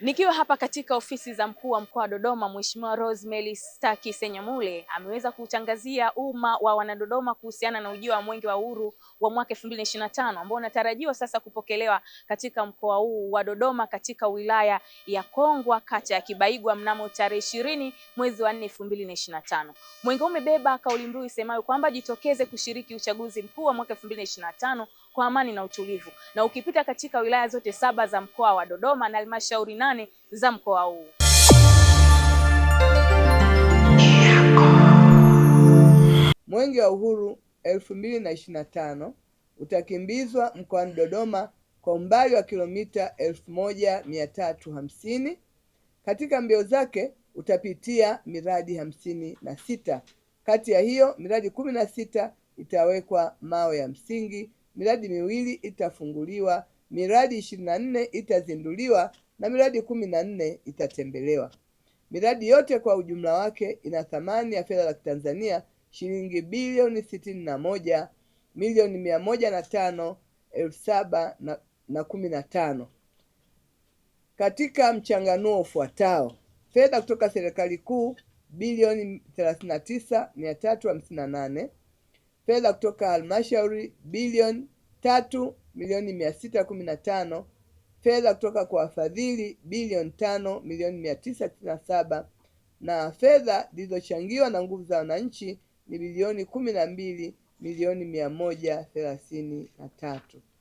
Nikiwa hapa katika ofisi za mkuu wa mkoa wa Dodoma, Mheshimiwa Rosemary Staki Senyamule ameweza kuutangazia umma wa wanadodoma kuhusiana na ujio wa Mwenge wa Uhuru wa mwaka 2025 ambao unatarajiwa sasa kupokelewa katika mkoa huu wa Dodoma katika wilaya ya Kongwa kata ya Kibaigwa mnamo tarehe ishirini mwezi wa 4 2025. Mwenge umebeba kauli mbiu isemayo kwamba jitokeze kushiriki uchaguzi mkuu wa mwaka 2025 kwa amani na utulivu, na ukipita katika wilaya zote saba za mkoa wa Dodoma na halmashauri nane za mkoa huu. Mwenge wa Uhuru elfu mbili na ishirini tano utakimbizwa mkoani Dodoma kwa umbali wa kilomita elfu moja mia tatu hamsini. Katika mbio zake utapitia miradi hamsini na sita. Kati ya hiyo miradi kumi na sita itawekwa mawe ya msingi miradi miwili itafunguliwa, miradi ishirini na nne itazinduliwa na miradi kumi na nne itatembelewa. Miradi yote kwa ujumla wake ina thamani ya fedha za Tanzania shilingi bilioni sitini na moja milioni mia moja na tano elfu saba na kumi na tano katika mchanganuo ufuatao: fedha kutoka serikali kuu bilioni thelathini na tisa mia tatu hamsini na nane fedha kutoka halmashauri bilioni tatu milioni mia sita kumi na tano fedha kutoka kwa wafadhili bilioni tano milioni mia tisa tisini na saba na fedha zilizochangiwa na nguvu za wananchi ni bilioni kumi na mbili milioni mia moja thelathini na tatu.